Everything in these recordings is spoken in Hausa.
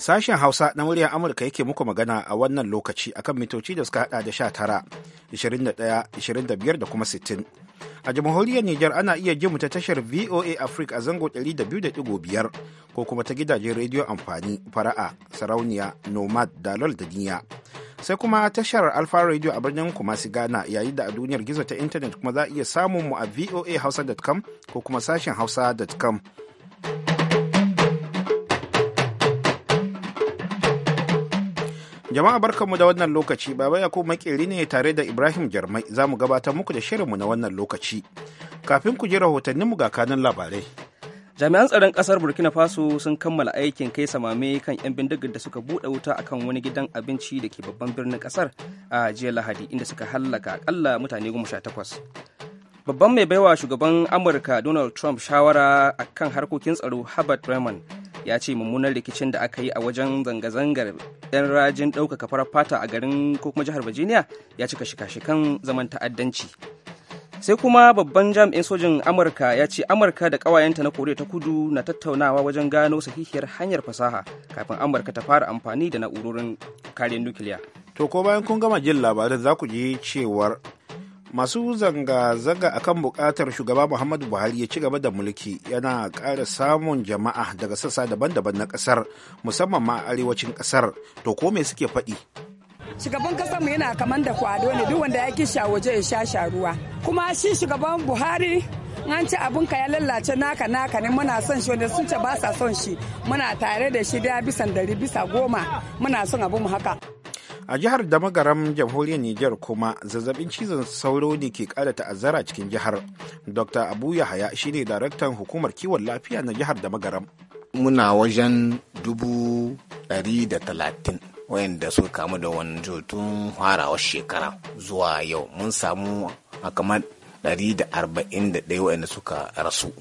Sashen Hausa na muryar Amurka yake muku magana a wannan lokaci akan mitoci da suka hada da 19, 21, 25 da kuma sittin A jamhuriyar Nijar ana iya jin ta tashar VOA Africa a zango da biyu biyar ko kuma ta gidajen rediyo amfani fara'a, sarauniya, nomad, dalol da duniya Sai kuma tashar Alfa Radio a birnin Kumasi Ghana yayin da a duniyar gizo ta intanet kuma za a iya samun mu a voahausa.com ko kuma sashen hausa.com. Jama'a barkanmu da wannan lokaci, Baba Yakubu makeri ne tare da Ibrahim Jarmai za mu gabatar muku da shirinmu na wannan lokaci. Kafin ku ji mu ga kanin labarai. Jami'an tsaron kasar Burkina Faso sun kammala aikin kai samame kan 'yan bindigar da suka buɗe wuta akan wani gidan abinci da ke babban birnin ƙasar a jiya Lahadi inda suka hallaka akalla mutane 18. Babban mai baiwa shugaban Amurka Donald Trump shawara akan harkokin tsaro Herbert Raymond ya ce mummunan rikicin da aka yi a wajen zanga-zangar 'yan rajin ɗaukaka farar fata a garin ko kuma jihar virginia ya cika shika-shikan zaman ta'addanci sai kuma babban jami'in sojin amurka ya ce amurka da ƙawayenta na koriya ta kudu na tattaunawa wajen gano sahihiyar hanyar fasaha kafin amurka ta fara amfani da na'urorin kariyar nukiliya to ko bayan kun gama jin labarin za ku ji cewar masu zanga-zanga a kan bukatar shugaba muhammadu buhari ya ci gaba da mulki yana ƙara samun jama'a daga sassa daban-daban na ƙasar musamman ma arewacin ƙasar to ko me suke faɗi shugaban kasar mu yana kaman da kwado ne duk wanda ya ki sha waje ya sha sha ruwa kuma shi shugaban buhari an ci abin ka ya lallace naka naka ne muna son shi wanda sun ce ba sa son shi muna tare da shi da bisan dari bisa goma muna son abun mu haka a jihar damagaram jamhuriyar niger kuma zazzabin cizon sauro ne ke kara ta'azzara cikin jihar dr abu yahaya shine daraktan hukumar kiwon lafiya na jihar damagaram muna wajen dubu ɗari da talatin wayanda suka kamu da wani jotun harawar shekara zuwa yau mun samu a kamar 141 waɗanda suka rasu.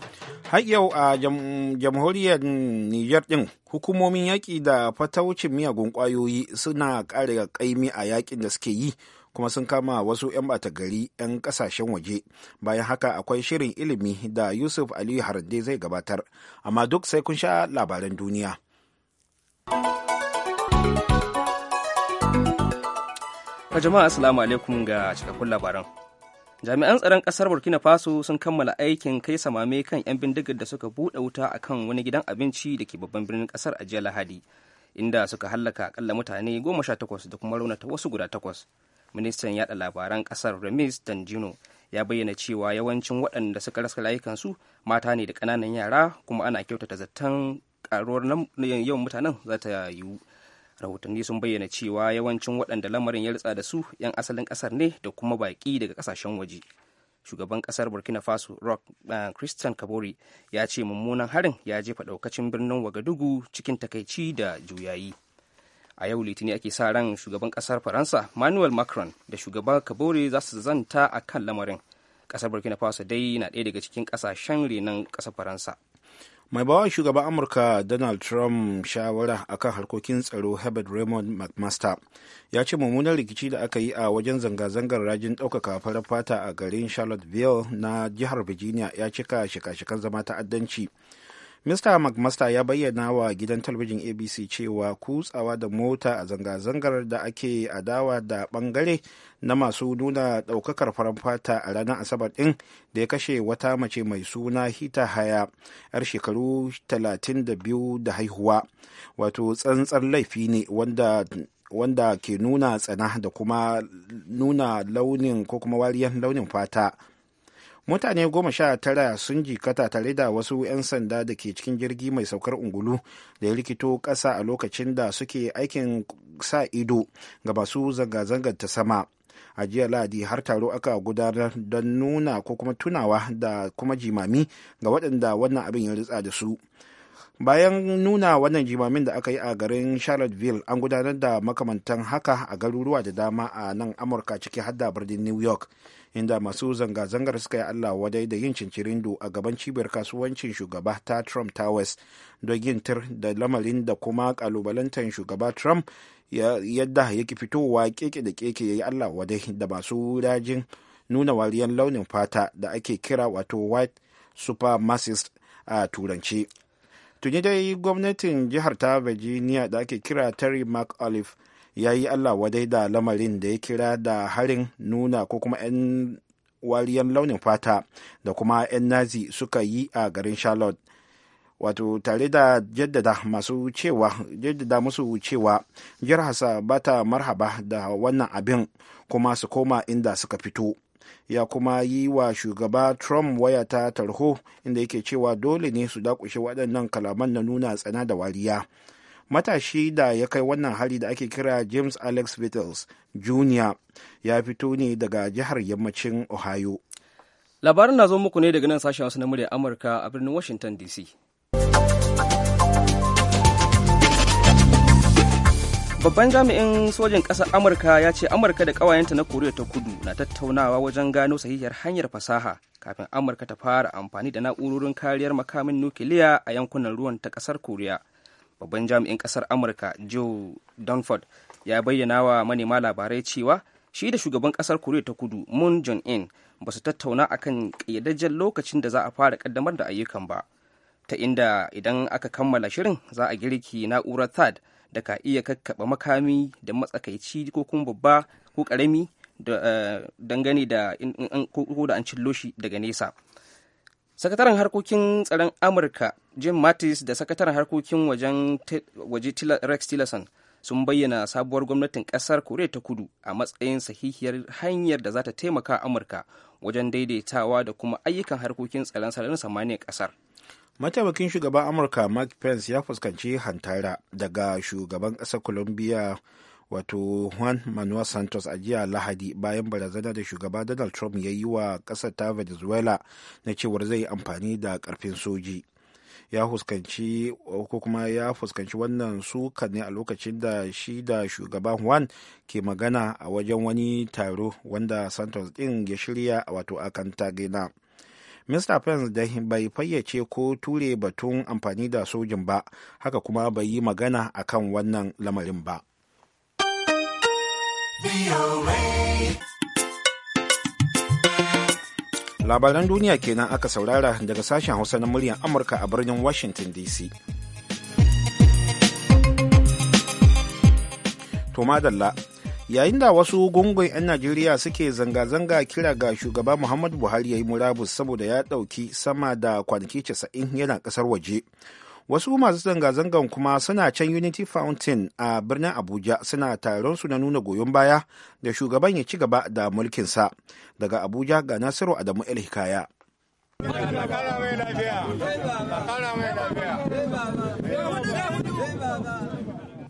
Har yau a jamhuriyar Nijar ɗin hukumomin yaƙi da fataucin miyagun ƙwayoyi suna ƙara ƙaimi a yaƙin da suke yi kuma sun kama wasu 'yan ɓata gari 'yan ƙasashen waje bayan haka akwai shirin ilimi da yusuf aliyu harande zai gabatar amma duk sai kun sha labaran duniya jama'a assalamu alaikum ga cikakkun labaran jami'an tsaron kasar burkina faso sun kammala aikin kai samame kan 'yan bindigar da suka buɗe wuta a kan wani gidan abinci da ke babban birnin kasar a jiya lahadi inda suka hallaka akalla mutane goma sha takwas da kuma raunata wasu guda takwas ministan yaɗa labaran kasar remis danjino ya bayyana cewa yawancin waɗanda suka rasa layukansu mata ne da ƙananan yara kuma ana kyautata zaton karuwar yawan mutanen za ta yiwu rahotanni sun bayyana cewa yawancin waɗanda lamarin ya ritsa da su 'yan asalin ƙasar ne da kuma baƙi daga ƙasashen waje shugaban ƙasar burkina faso rock eh, christian kabori ya ce mummunan harin ya jefa ɗaukacin birnin wagadugu cikin takaici da juyayi a yau litini ake sa ran shugaban ƙasar faransa manuel macron da shugaban kabori za su zanta a kan lamarin ƙasar burkina faso dai na ɗaya daga cikin ƙasashen renon ƙasar faransa mai bawa shugaban amurka donald trump shawara a kan harkokin tsaro herbert raymond mcmaster ya ce mummunan rikici da aka yi a wajen zanga-zangar rajin ɗaukaka farar fata a garin charlotteville na jihar virginia ya cika shika-shikan zama ta'addanci mista mcmaster ya bayyana wa gidan talabijin abc cewa kutsawa da mota a zanga-zangar da ake adawa da bangare na masu nuna daukakar farar fata a ranar asabar din da ya kashe wata mace mai suna hita haya yar shekaru 32 da haihuwa wato tsantsar laifi ne wanda wanda ke nuna tsana da kuma nuna launin ko kuma wariyar launin fata mutane goma sha tara sun jikata tare da wasu 'yan sanda da ke cikin jirgi mai saukar ungulu da ya rikito ƙasa a lokacin da suke aikin sa ido ga masu zanga-zangar ta sama a jiya lahadi har taro aka gudanar don nuna ko kuma tunawa da kuma jimami ga waɗanda wannan abin ya ritsa da su bayan nuna wannan jimamin da aka yi a garin charlotteville an gudanar da makamantan haka a garuruwa da dama a nan amurka ciki hadda birnin new york inda masu zanga-zangar suka yi allah wadai da yin cincirindo a gaban cibiyar kasuwancin shugaba ta trump towers don yin tir da lamarin da kuma kalubalantar shugaba trump yadda yake fitowa keke da keke ya yi allah wadai da masu rajin nuna wariyar launin fata da ake kira wato white supermassist a turanci tuni dai gwamnatin jihar ta virginia da ake kira terry mcauliffe ya yi allah wadai da lamarin da ya kira da harin nuna ko kuma 'yan wariyan launin fata da kuma 'yan nazi suka yi a garin charlotte wato tare da jaddada masu cewa jaddada musu cewa jihar ba ta marhaba da wannan abin kuma su koma inda suka fito ya kuma yi wa shugaba trump waya ta tarho inda yake cewa dole ne su dakushe waɗannan kalaman na nuna tsana da wariya matashi da ya kai wannan hari da ake kira james alex vittles jr ya fito ne daga jihar yammacin ohio labarin na zo muku ne daga nan sashen wasu na murya amurka a birnin washington dc Babban jami'in sojin ƙasar Amurka ya ce Amurka da ƙawayenta na Koriya ta kudu na tattaunawa wajen gano sahihiyar hanyar fasaha kafin Amurka ta fara amfani da na'urorin kariyar makamin nukiliya a yankunan ruwan ta ƙasar Koriya. Babban jami'in ƙasar Amurka Joe Dunford ya bayyana wa manema labarai cewa shi da shugaban ƙasar Koriya ta kudu Moon Jong-in ba su tattauna akan ƙayyadajjen lokacin da za a fara ƙaddamar da ayyukan ba. Ta inda idan aka kammala shirin za a girki na'urar third. da ka iya kakkaɓa makami da matsakaici ko kuma babba ko ƙarami eh, dangane da ko da an cillo shi daga nesa sakataren harkokin tsaron amurka jim mattis da sakataren harkokin wajen waje rex tillerson sun bayyana sabuwar gwamnatin kasar korea ta kudu a matsayin sahihiyar hanyar da za ta taimaka amurka wajen daidaitawa da kuma ayyukan harkokin tsaron sararin samaniyar kasar mataimakin shugaban amurka mark pence ya fuskanci hantara daga shugaban ƙasar colombia wato juan manuel santos a jiya lahadi bayan barazana da shugaba donald trump ya yi wa ƙasar ta venezuela na cewar zai amfani da ƙarfin soji ya fuskanci ko kuma ya fuskanci wannan suka ne a lokacin da shi da shugaban juan ke magana a wajen wani taro wanda santos din ya shirya wato akan mista pence da bai fayyace ko ture batun amfani da sojin ba haka kuma bai yi magana a kan wannan lamarin ba labaran duniya kenan aka saurara daga sashen hausa na muryar amurka a birnin washington dc to madalla yayin da wasu gungun 'yan najeriya suke zanga-zanga kira ga shugaba muhammadu buhari ya yi murabus saboda ya ɗauki sama da kwanaki 90 yana ƙasar waje wasu masu zanga-zangan kuma suna can unity fountain a birnin abuja suna taron su na nuna goyon baya da shugaban ya ci gaba da mulkinsa daga abuja ga nasiru adamu el hikaya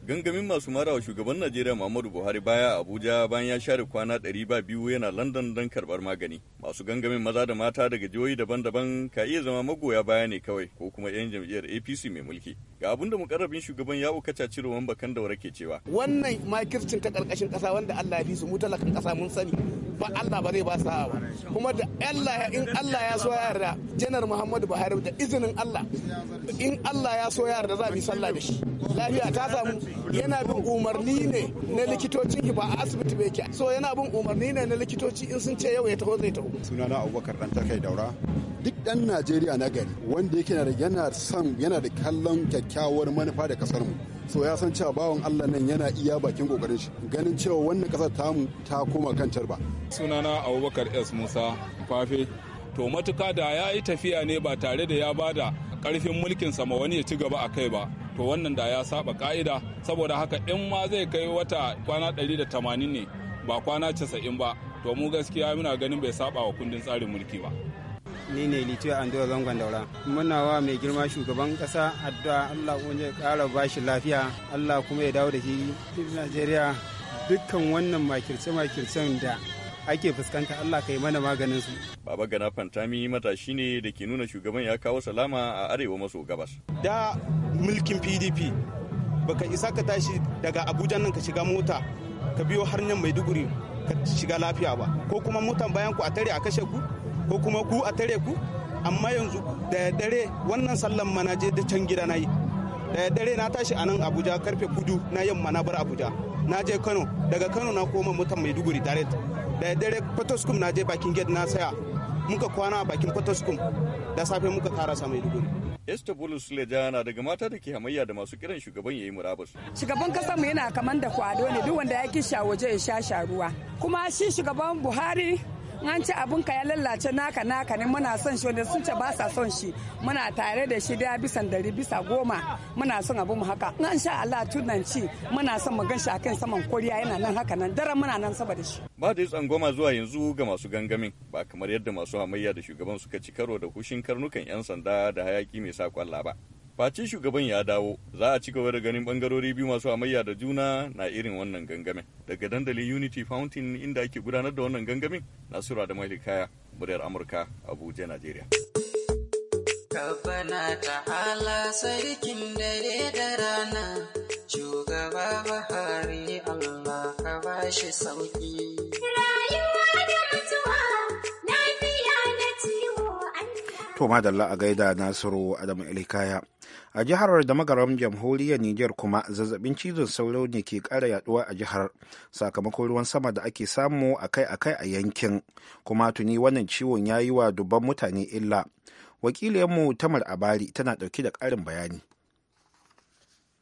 Gangamin masu mara wa shugaban Najeriya Muhammadu Buhari baya a Abuja bayan ya share kwana ɗari ba biyu yana London don karbar magani. Masu gangamin maza da mata daga jihohi daban-daban ka iya zama magoya baya ne kawai ko kuma 'yan jam'iyyar APC mai mulki. Ga abinda mukarrabin shugaban ya ukaca cirowan bakan daura ke cewa. Wannan makircin ta ƙarƙashin ƙasa wanda Allah ya fi su mu talakan ƙasa mun sani ba Allah ba zai ba sa'a ba. Kuma da Allah in Allah ya so yarda Janar Muhammadu Buhari da izinin Allah in Allah ya so yarda za mu yi sallah da shi. lafiya ta samu yana bin umarni ne na likitocin ba a asibiti bai ke so yana bin umarni ne na likitoci in sun ce yau ya taho zai taho sunana abubakar dan takai daura duk dan najeriya na gari wanda yake yana son yana da kallon kyakkyawar manufa da kasar mu so ya san cewa bawan Allah nan yana iya bakin kokarin shi ganin cewa wannan kasar tamu ta koma kan suna sunana Abubakar S Musa Fafe to matuka da ya yi tafiya ne ba tare da ya bada karfin mulkin sama wani ya ci gaba a kai ba to wannan da ya saba ka'ida saboda haka in ma zai kai wata kwana da tamanin ne ba kwana casa'in ba to mu gaskiya muna ganin bai saba wa kundin tsarin mulki ba ni ne litiya andura zangon daura muna wa mai girma shugaban kasa addu'a allah kuma ya kara shi lafiya allah kuma ya dawo da shi najeriya dukkan wannan makirce-makircen da ake fuskanta Allah kai mana maganin su. Baba Gana Fantami matashi ne da ke nuna shugaban ya kawo salama a arewa maso gabas. Da mulkin PDP baka isa ka tashi daga Abuja nan ka shiga mota ka biyo har nan Maiduguri ka shiga lafiya ba ko kuma motan bayan ku a tare a kashe ku ko kuma ku a tare ku amma yanzu da dare wannan sallan manaje da can gida na yi da dare na tashi a nan abuja karfe kudu na yamma na bar abuja na je kano daga kano na koma mutan maiduguri direct da dare potoskum na je bakin gate na saya muka kwana a bakin potoskum da safe muka karasa maiduguri Esther Bulus Suleja na daga mata da ke hamayya da masu kiran shugaban yayi murabus. Shugaban kasar mu yana kaman da kwado ne duk wanda ya kisha waje ya sha sharuwa. Kuma shi shugaban Buhari an ci abun ka ya lallace naka naka ne muna son shi wanda sun ce ba sa son shi muna tare da shi da bisan dari bisa goma muna son abu mu haka an sha Allah tunan ci muna son mu gan shi akan saman koriya yana nan haka nan daren muna nan saba da shi ba da goma zuwa yanzu ga masu gangamin ba kamar yadda masu hamayya da shugaban suka ci karo da hushin karnukan yan sanda da hayaki mai sa kwalla ba Face shugaban ya dawo, za a ci gaba da ganin bangarori biyu masu amayya da juna na irin wannan gangamin. Daga dandalin Unity Fountain inda ake gudanar da wannan gangamin, Nasura da Kaya, muryar Amurka, Abuja, Najeriya. ta hala sarkin dare da rana, shugaba Buhari Allah ka bashi sauki. Rayuwa To madalla a gaida Nasiru Adamu Ilikaya. a jihar da magaram jamhuriyar niger kuma zazzabin cizon sauro ne ke kara yaduwa a jihar sakamakon ruwan sama da ake samu akai-akai a yankin kuma tuni wannan ciwon ya yi wa dubban mutane illa wakiliyarmu tamar abari tana dauke da karin bayani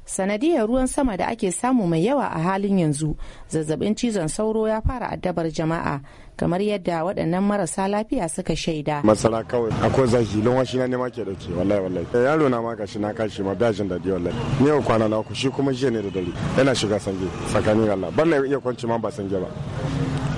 sanadiyar ruwan sama da ake samu mai yawa a halin yanzu zazzabin cizon sauro ya fara addabar jama'a kamar yadda waɗannan marasa lafiya suka shaida. masala kawai akwai zafi don washi na ne ma ke dauke wallahi wallahi. Eh, yaro na ma gashi na kashi ma biya jin daɗi wallahi. Ni ko kwana na ku shi kuma jiya ne da dare yana shiga sange tsakanin Allah ban na iya kwanci ma ba sange ba.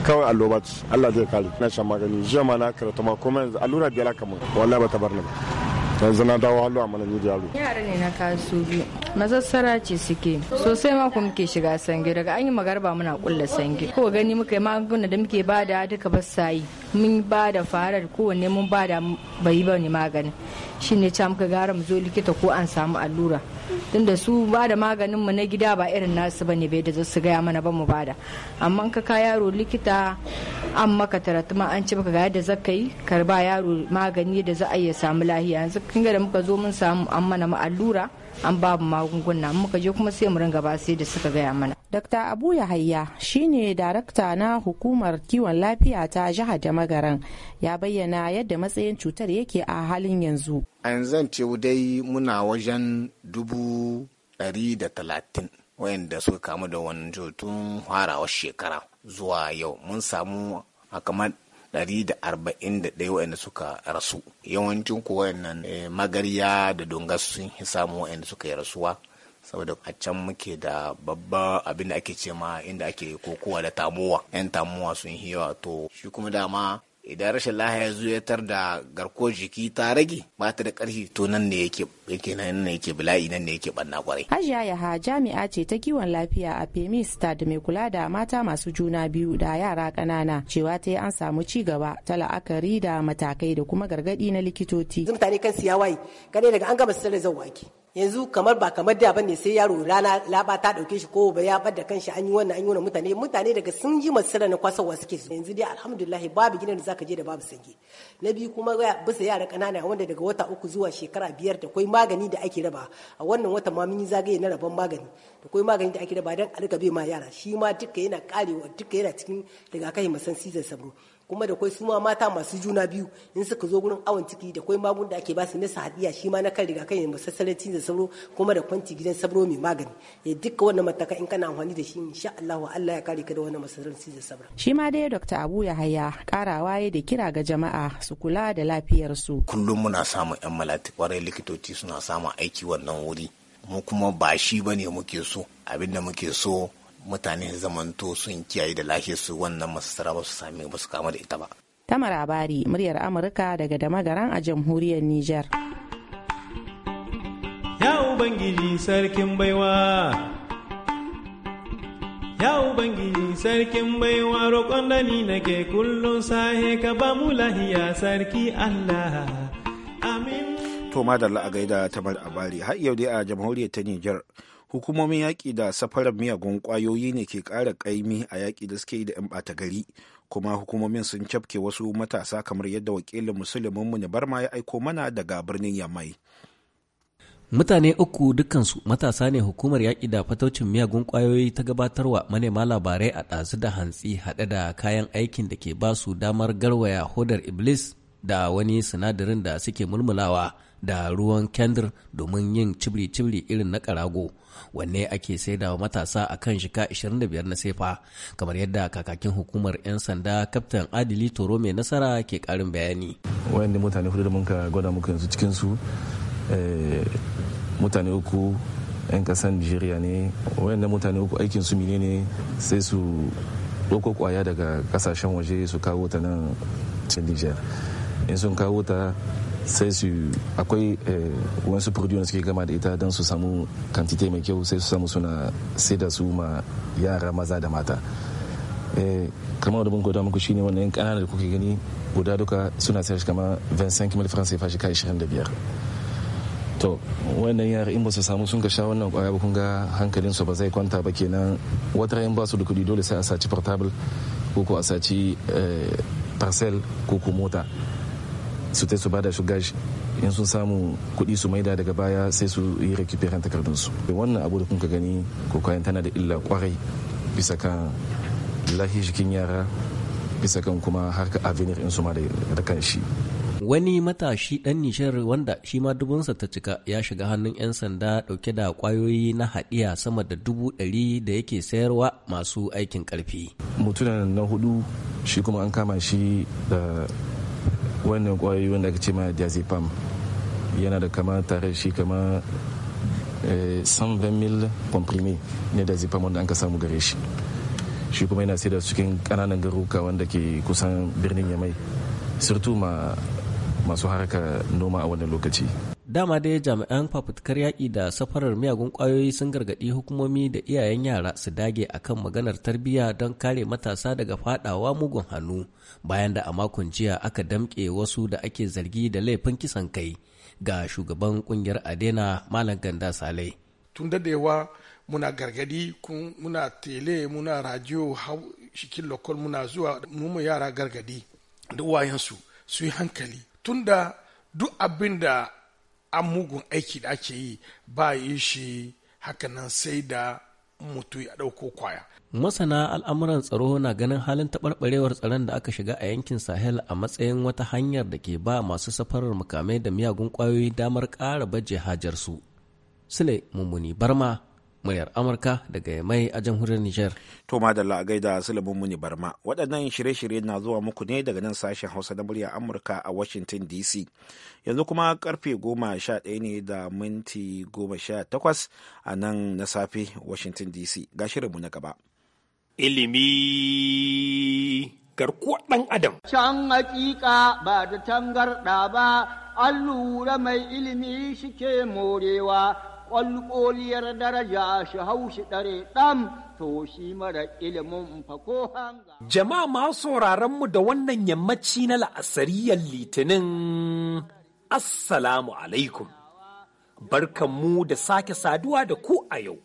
kawai alloba Allah zai kare na shan magani jiya ma na karatu ma kuma yanzu allura biya la mun wallahi ba ta bar ni ba. yanzu na dawo hannu a malami da yaro yara ne na kasu biyu mazassara ce suke sosai ma ku muke shiga sange daga an yi magarba muna kulla sange ko gani muka yi magunguna da muke bada duka ba yi mun bada farar kowanne mun bada bai ba ne maganin ne ca muka gara mu zo likita ko an samu allura tun da su ba da maganin mu na gida ba irin nasu ba ne bai da su gaya mana ba mu bada amma ka ka yaro likita an maka taratuma an ci maka ga yadda zaka yi karba yaro magani da za a iya samu lahiya yanzu kin ga da muka zo mun samu an mana ma allura an babu magunguna muka je kuma sai mu ringa ba sai da suka gaya mana. Dr. Abu Yahaya shine darakta na hukumar kiwon lafiya ta jihar da magaran ya bayyana yadda matsayin cutar yake a halin yanzu. A yanzu ce dai muna wajen dubu ɗari da talatin wayanda suka kamu da wani tun harawar shekara. zuwa yau mun samu a kamar da da arba'in ɗaya waɗanda suka rasu yawancin kuwa waɗannan eh, magarya da dongas sun samu waɗanda suka yi rasuwa saboda a can muke da babba abin da ake ce ma inda ake kokowa da tamowa yan tamowa sun yi yawa to shi kuma dama idan rashin lahaya ya zo da garko jiki ta rage ba ta da ƙarfi to nan ne yake yake nan ne yake bala'i nan ne yake banna kwarai hajiya yaha jami'a ce ta kiwon lafiya a femi da mai kula da mata masu juna biyu da yara kanana cewa ta yi an samu ci gaba ta la'akari da matakai da kuma gargaɗi na likitoci mutane kan siya waye kare daga an gama sirrin zan wake yanzu kamar ba kamar da ba ne sai yaro rana laba ta dauke shi ko ba ya bada kanshi an yi wannan an yi wannan mutane mutane daga sun ji masara na wasu suke su yanzu dai alhamdulillah babu gidan da zaka je da babu sange na biyu kuma bisa yara kanana wanda daga wata uku zuwa shekara biyar da kwai magani da ake raba a wannan wata ma mun yi zagaye na rabon magani da kwai magani da ake raba dan a bai ma yara shi ma duka yana karewa duka yana cikin rigakafi masan da sabo kuma da kwai suma mata masu juna biyu in suka zo gurin awon ciki da kwai magun da ake basu na sahadiya shi ma na kan riga kai masassarar cizon sauro kuma da kwanci gidan sauro mai magani ya eh, duka wannan mataka in kana amfani da shi insha Allah Allah ya kare ka da wannan masassarar cizon sauro shi ma dai Dr. Abu Yahaya karawa ya da kira ga jama'a su kula da lafiyar su kullum muna samun yan malati kwarai likitoci suna samun aiki wannan wuri mu kuma ba shi bane muke so abinda muke so mutane zamanto sun kiyaye da lashe su wannan masasara ba su sami ba su kama da ita ba. Tamar Abari, muryar Amurka daga Damagaran a jamhuriyar Nijar. Ya Ubangiji sarkin baiwa, Ya Ubangiji sarkin baiwa roƙon da ni nake kullum sahe ka ba mu lahiya sarki Allah. Amin. To madalla a gaida Tamar Abari, har yau dai a jamhuriyar ta Nijar. hukumomin yaƙi da safarar miyagun ƙwayoyi ne ke ƙara ƙaimi a yaƙi da suke yi da 'yan ɓata gari kuma hukumomin sun cafke wasu matasa kamar yadda wakilin musulmin mu barma ya aiko mana daga birnin yamai mutane uku dukansu matasa ne hukumar yaƙi da fataucin miyagun ƙwayoyi ta gabatarwa manema labarai a ɗazu da hantsi haɗe da kayan aikin da ke basu damar garwaya hodar iblis da wani sinadarin da suke mulmulawa da ruwan kendir domin yin cibri-cibri irin na karago wanne ake sai da matasa a kan shika 25 na sefa kamar yadda kakakin hukumar 'yan sanda kaftan adili toro mai nasara ke karin bayani wayan mutane hudu da muka gwada muka yanzu cikinsu eh, mutane uku 'yan kasan nigeria ne wayan mutane uku aikin su ne sai su ɗauko kwaya daga kasashen waje su kawo ta nan cikin niger in sun kawo ta sai su akwai eh, wasu produyon suke gama da ita don su samu kantite mai kyau sai su samu suna sai da su ma yara maza da mata eh, kamar da mun gwada muku shine wannan yan kanana da kuke gani guda duka suna sayar kama 25 mil francs fashi kai 25 to wannan yara in ba su samu sun ka sha wannan kwaya ba kun ga hankalin su ba zai kwanta ba kenan wata in ba su da kudi dole sai a saci portable ko ko a saci eh, parcel ko ko mota su ta su bada gashi in sun samu kuɗi su maida daga baya sai su yi recuperan takardunsu wannan abu da kuka gani kokayen tana da illa kwarai bisa kan lahi jikin yara bisa kan kuma harka avenir in su ma da kan shi wani matashi dan nishar wanda shi ma dubunsa ta cika ya shiga hannun 'yan sanda dauke da kwayoyi na haɗiya sama da dubu ɗari da yake sayarwa masu aikin karfi mutunan na hudu shi kuma an kama shi da wannan kwayoyi wanda aka ce ma diazepam yana da kama tare shi kama 120,000 comprimé ne diazepam wanda an ka samu gare shi shi kuma yana sai da cikin kananan garuka wanda ke kusan birnin yamai surtu ma masu haraka noma a wannan lokaci dama dai jami'an fafutukar yaƙi da safarar miyagun ƙwayoyi sun gargaɗi hukumomi da iyayen yara su dage akan maganar tarbiyya don kare matasa daga fadawa mugun hannu bayan da a makon jiya aka damƙe wasu da ake zargi da laifin kisan kai ga shugaban ƙungiyar adena malam ganda salai tun da yawa muna gargadi muna tele muna radio hau shikin lokal muna zuwa mu yara gargadi da uwayensu su yi hankali tunda duk abin da an mugun aiki da ake yi ba yi shi hakanan sai da mutu ya ɗauko kwaya. Masana al'amuran tsaro na ganin halin taɓarɓarewar tsaron da aka shiga a yankin Sahel a matsayin wata hanyar da ke ba masu safarar mukamai da miyagun ƙwayoyi damar ƙara baje hajarsu. Sule Mummuni Barma muryar Amurka daga mai a jamhuriyar Nijar. To madalla a gaida Sulaiman Muni Barma. Waɗannan shirye-shirye na zuwa muku ne daga nan sashen Hausa na muryar Amurka a Washington DC. Yanzu kuma karfe goma sha ɗaya ne da minti goma sha takwas a nan na safe Washington DC. Ga shirinmu na gaba. Ilimi garkuwar ɗan adam. Can hakika ba da tangarɗa ba, an lura mai ilimi shike morewa. ƙwalƙoliyar daraja shi haushi ɗare ɗan, to shi mara ilimin ko hanga. Jama'a ma sauraron mu da wannan yammaci na la'asariyar litinin Assalamu alaikum. Barkan mu da sake saduwa da ku a yau.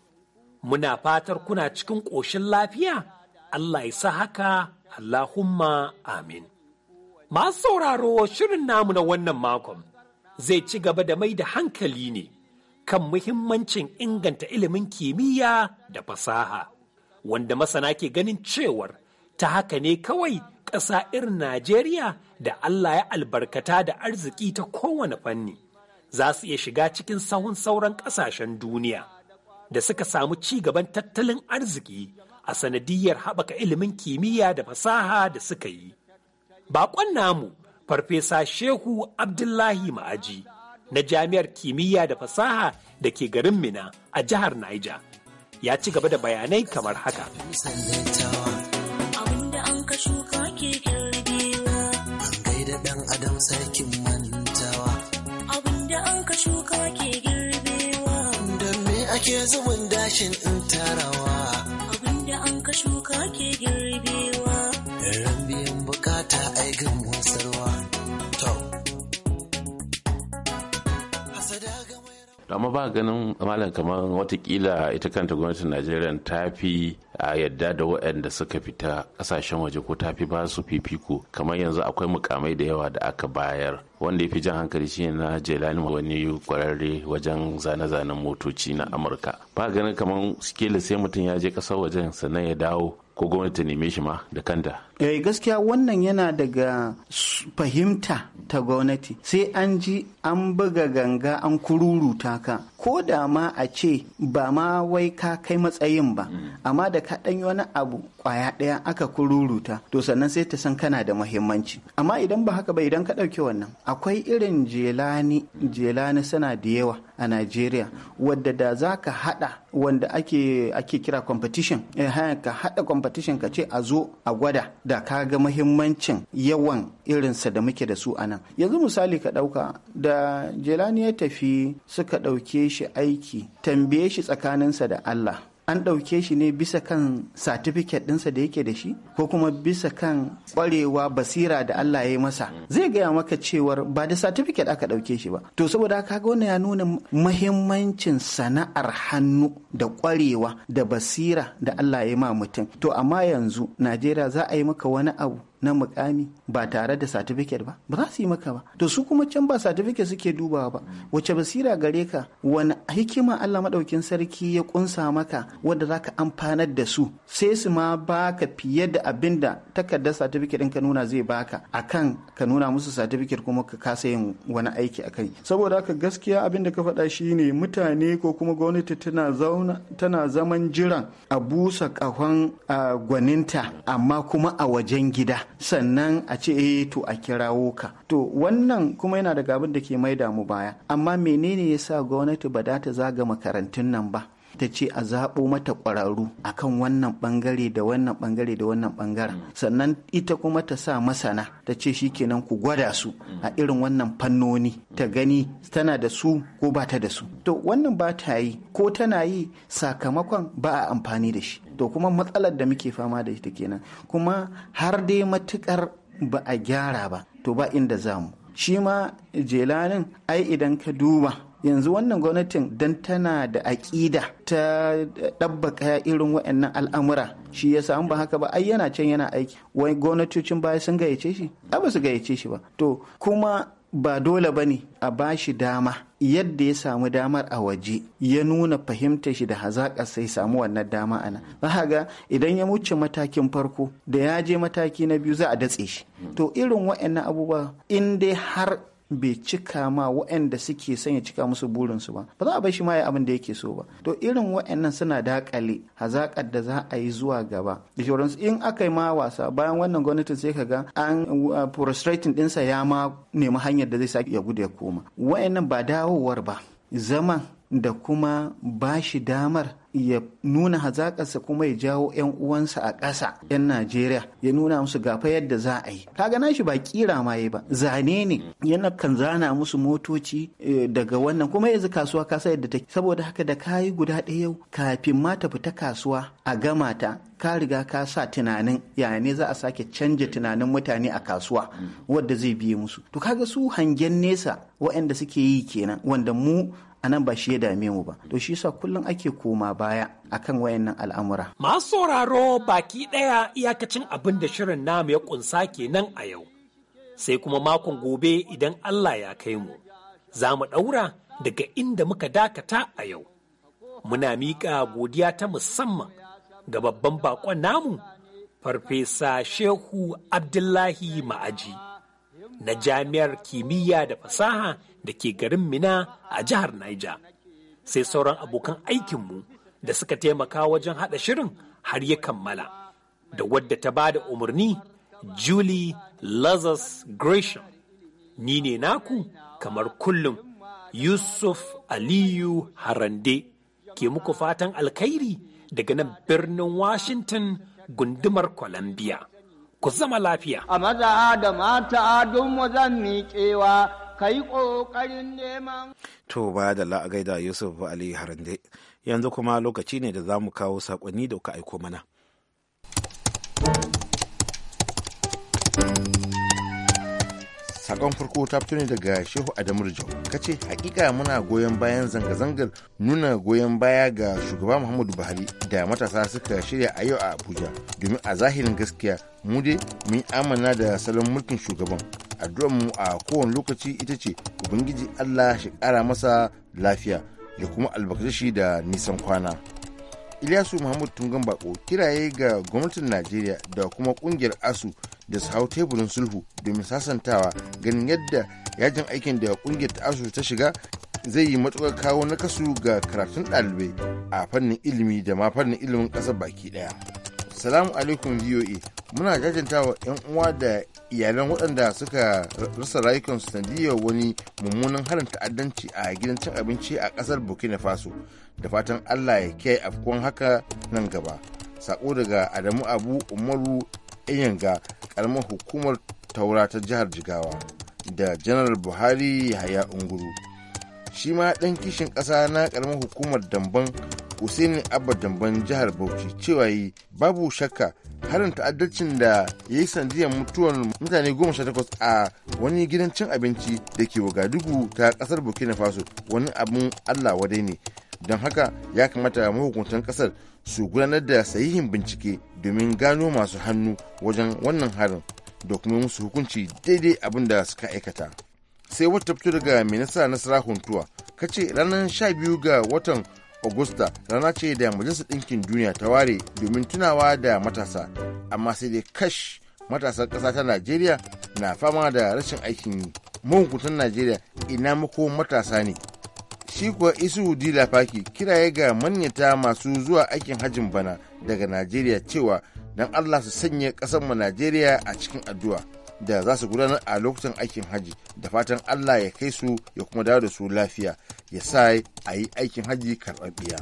Muna fatar kuna cikin ƙoshin lafiya, Allah ya sa haka Allahumma amin. Masu sauraro shirin namu na wannan makon zai ci gaba da mai da hankali ne kan muhimmancin inganta ilimin kimiyya da fasaha, wanda masana ke ganin cewar ta haka ne kawai ƙasa irin Najeriya da Allah ya albarkata da arziki ta kowane fanni za su iya shiga cikin sahun sauran ƙasashen duniya da suka samu ci gaban tattalin arziki a sanadiyar haɓaka ilimin kimiyya da fasaha da suka yi. Baƙon namu, Farfesa Shehu Abdullahi Ma'aji. na jami'ar kimiyya da fasaha da ke garin Mina a jihar Niger. Ya ci gaba da bayanai kamar haka. ake zubin dashin in tarawa abinda an ka shuka ke girbi amma ba ganin malam kamar watakila ita kanta gwamnatin najeriya ta fi a yadda da waɗanda suka fita ƙasashen waje ko ta fi ba su fifiko kamar yanzu akwai mukamai da yawa da aka bayar wanda ya fi jan hankali shine na jelani wani kwararre wajen zane-zanen motoci na amurka ba ganin kamar sikila sai mutum ya je ƙasar wajen sannan ya dawo ko gwamnati ta neme shi ma da kanta. Eh gaskiya wannan yana daga fahimta ta gwamnati sai an ji an buga ganga an kururuta ka ko da ma a ce ba ma wai ka kai matsayin ba amma da ka ɗanyi wani abu kwaya ɗaya aka kururuta to sannan sai ta san kana da muhimmanci amma idan ba haka ba idan ka ɗauki wannan akwai irin jelani jelani suna da yawa a Najeriya wadda da za ka hada wanda ake, ake kira competition eh, ka hada competition ka ce a zo a gwada da ka ga muhimmancin yawan irinsa da muke da su a nan yanzu misali ka dauka da jelani ya tafi suka dauke shi aiki tambaye shi tsakaninsa da Allah an ɗauke shi ne bisa kan satifiket ɗinsa da yake da shi ko kuma bisa kan ƙwarewa basira da Allah ya yi masa zai gaya maka cewar ba da satifiket aka ɗauke shi ba to saboda haka ga wannan ya nuna mahimmancin sana'ar hannu da ƙwarewa da basira da Allah ya yi ma mutum to amma yanzu Najeriya za a yi maka wani abu na mukami ba tare da certificate ba ba za su yi maka ba to su kuma can ba certificate suke dubawa ba wace basira gare ka wani hikima Allah madaukin sarki ya kunsa maka wanda zaka amfanar da su sai su ma baka fiye da abin da takarda certificate din ka nuna zai baka akan ka nuna musu certificate kuma ka kasa yin wani aiki akai saboda haka gaskiya abin da ka faɗa shine mutane ko kuma gwamnati tana tana zaman jiran a busa kahon gwaninta amma kuma a wajen gida sannan a ce eh to a kirawo ka to wannan kuma yana daga abin da ke maida mu baya amma menene yasa gwamnati ba za ta zaga makarantun nan ba ta ce a zaɓo mata ƙwararru kan wannan ɓangare da wannan ɓangare da wannan ɓangaren mm. sannan ita kuma ta sa masana ta ce kenan ku gwada su a mm. irin wannan fannoni mm. ta gani tana da su ko ba ta da su to wannan ba ta yi ko tana yi sakamakon ba a amfani da shi to kuma matsalar da muke fama da ita kenan kuma har dai matukar ba a gyara ba to ba inda za mu shi ma jelanin ai idan ka duba yanzu wannan gwamnatin don tana da aƙida ta ɗabbaka irin waɗannan al'amura shi ya samu ba haka ba ai yana can yana aiki wai gwamnatocin baya sun gayyace shi ai ba su gayyace shi ba to kuma ba dole ba ne a ba shi dama yadda ya samu damar a waje ya nuna fahimta shi da hazaƙa sai samu wannan dama nan. za ga idan ya wuce matakin farko da ya je mataki na biyu za a datse shi to irin waɗannan abubuwa in dai har bai cika ma waɗanda suke sanya cika musu burinsu ba ba za a bar shi ma ya abin da yake so ba to irin waɗannan suna dakale hazakar da za a yi zuwa gaba insurance in aka yi ma wasa bayan wannan gwamnatin sai kaga an uh, frustrating ɗinsa ya ma nemi hanyar da zai sake ya gudu ya koma waɗannan ba dawowar ba zaman da kuma ba shi damar ya nuna hazaƙarsa kuma ya jawo 'yan uwansa a ƙasa 'yan Najeriya ya nuna musu gafa yadda za a yi. Kaga shi ba kira ma yi ba zane ne yana kan zana musu motoci e, daga wannan kuma yanzu kasuwa kasa yadda take saboda haka da ka yi guda ɗaya yau kafin ma ta fita kasuwa a gama ta ka riga ka sa tunanin yaya ne za a sake canja tunanin mutane a kasuwa wadda zai biye musu. To kaga su hangen nesa waɗanda suke yi kenan wanda mu anan ba shi ya dame mu ba to shi sa kullum ake koma baya akan wayannan al'amura masu sauraro baki ɗaya iyakacin abin da shirin namu ya kunsa kenan a yau sai kuma makon gobe idan Allah ya kai mu za mu daura daga inda muka dakata a yau muna miƙa godiya ta musamman ga babban bakon namu farfesa shehu abdullahi ma'aji na jami'ar kimiyya da fasaha da ke garin Mina a jihar Niger. Sai sauran abokan aikinmu da suka taimaka wajen haɗa shirin har ya kammala. Da wadda ta ba da umarni Julie Lazarus Gresham. Ni ne naku kamar kullum Yusuf Aliyu Harande ke muku fatan alkhairi daga nan birnin Washington gundumar Columbia. ku zama lafiya. A maza da mata don mu zan miƙewa ka yi ƙoƙarin neman. To ba da la'agaida Yusuf Ali Harande, yanzu kuma lokaci ne da za mu kawo saƙonni da kuka aiko mana. sakon farko ta fito ne daga shehu adamu rijau ka ce hakika muna goyon bayan zanga-zangar nuna goyon baya ga shugaba muhammadu buhari da matasa suka shirya a yau a abuja domin a zahirin gaskiya mu dai mun amana da salon mulkin shugaban addu'ar mu a kowane lokaci ita ce ubangiji allah shi kara masa lafiya da kuma albarkashi da nisan kwana Ilyasu Muhammad Tungan Bako kiraye ga gwamnatin Najeriya da kuma kungiyar ASU da su hau teburin sulhu domin sasantawa ganin yadda yajin aikin da kungiyar ta ASU ta shiga zai yi matukar kawo nakasu ga karatun ɗalibai a fannin ilimi da ma fannin ilimin ƙasar baki ɗaya. Salamu alaikum VOA. muna wa 'yan uwa da iyalan waɗanda suka rasa rayukansu sanadiyar wani mummunan harin ta'addanci a gidan cin abinci a ƙasar burkina faso da fatan allah ya kiyaye afkuwan haka nan gaba sako daga adamu abu umaru iyanga karamar hukumar taura ta jihar jigawa da janar buhari yahaya unguru shi ma ɗan kishin ƙasa na karamar hukumar damban Hussein Abba Damban jihar Bauchi cewa yi babu shakka harin ta'addacin da ya yi sanadiyar mutuwar mutane goma sha takwas a wani gidan cin abinci da ke Wagadugu ta kasar Burkina Faso wani abin Allah wadai ne. Don haka ya kamata mahukuntan kasar su gudanar da sahihin bincike domin gano masu hannu wajen wannan harin da kuma musu hukunci daidai abin da suka aikata. Sai wata fito daga Minista Nasara Huntuwa, kace ranar 12 ga watan Augusta rana ce da Majalisar Ɗinkin Duniya ta ware domin tunawa da matasa, amma sai dai kash matasan ƙasa ta Najeriya na fama da rashin aikin yi. Mahukuntan Najeriya ina mako matasa ne. Shi kuwa Isu Dilafaki kiraye ga manyata masu zuwa aikin hajin bana daga Najeriya cewa don Allah su sanya ƙasarmu Najeriya a cikin addu'a. da za su gudanar a lokacin aikin hajji da fatan allah ya kai su ya kuma dawo da su lafiya ya sa a yi aikin hajji karɓaɓɓiya.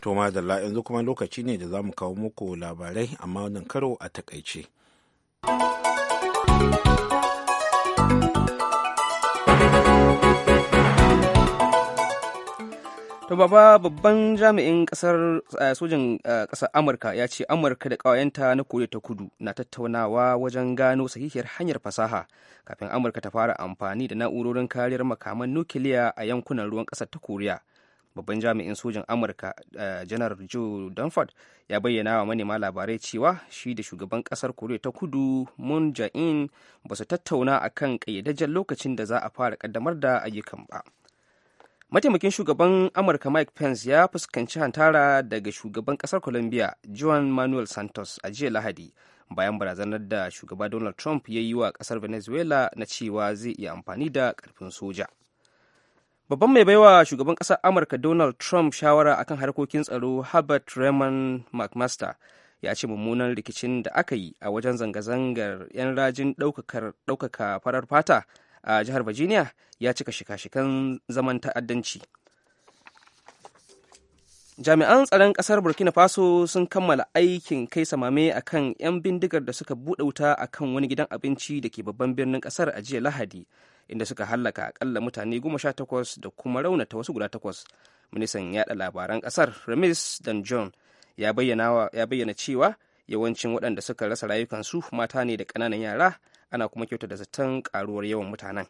to madalla yanzu kuma lokaci ne da za mu kawo muku labarai amma wannan karo a takaice. To baba babban jami'in kasar eh, sojin kasar eh, Amurka ya ce Amurka da ƙawayenta na Koriya ta Kudu na tattaunawa wajen gano sahihiyar hanyar fasaha kafin Amurka ta fara amfani da na'urorin kariyar makaman nukiliya a yankunan ruwan ƙasar ta Koriya. Babban jami'in sojin Amurka janar eh, Joe Dunford ya bayyana wa manema labarai cewa shi da shugaban kasar Koriya ta Kudu Moon Jae-in ba su tattauna akan ƙayyadajjen lokacin da za a fara ƙaddamar da ayyukan ba. mataimakin shugaban amurka mike pence ya fuskanci hantara daga shugaban kasar colombia juan manuel santos a jiya lahadi bayan barazanar da shugaba donald trump ya yi wa kasar venezuela na cewa zai iya amfani da karfin soja babban mai baiwa shugaban kasar amurka donald trump shawara akan harkokin tsaro herbert raymond mcmaster ya ce mummunan rikicin da aka yi a wajen zanga-zangar 'yan rajin ɗaukaka farar fata a jihar virginia ya cika shika-shikan zaman ta'addanci jami'an tsaron kasar burkina faso sun kammala aikin kai samame a kan 'yan bindigar da suka buɗe wuta a kan wani gidan abinci da ke babban birnin kasar a jiya lahadi inda suka hallaka akalla mutane goma sha takwas da kuma raunata wasu guda takwas ministan yaɗa labaran kasar remis dan john ya bayyana cewa yawancin waɗanda suka rasa rayukansu mata ne da ƙananan yara ana kuma kyauta da zaton karuwar yawan mutanen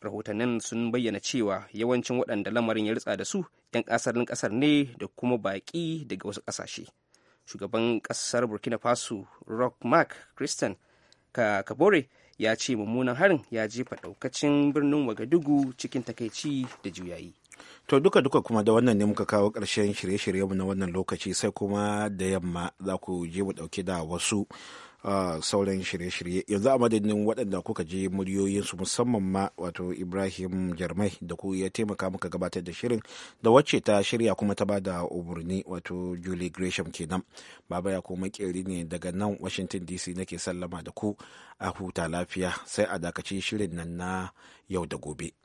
rahotannin sun bayyana cewa yawancin waɗanda lamarin ya ritsa da su 'yan asalin ƙasar ne da kuma baƙi daga wasu ƙasashe shugaban ƙasar burkina faso rock mark christian kabore ya ce mummunan harin ya jefa ɗaukacin birnin wagadugu cikin takaici da juyayi To duka duka kuma da wannan ne muka kawo ƙarshen shirye-shiryenmu na wannan lokaci sai kuma da yamma za ku je mu ɗauke da wasu sauran shirye-shirye yanzu a madadin waɗanda kuka je muryoyinsu musamman ma wato ibrahim jarmai da ku ya taimaka muka gabatar da shirin da wacce ta shirya kuma ta bada umarni wato julie gresham kenan baba ya kuma makeri ne daga nan washington dc nake sallama da ku a huta lafiya sai a dakaci shirin nan na yau da gobe.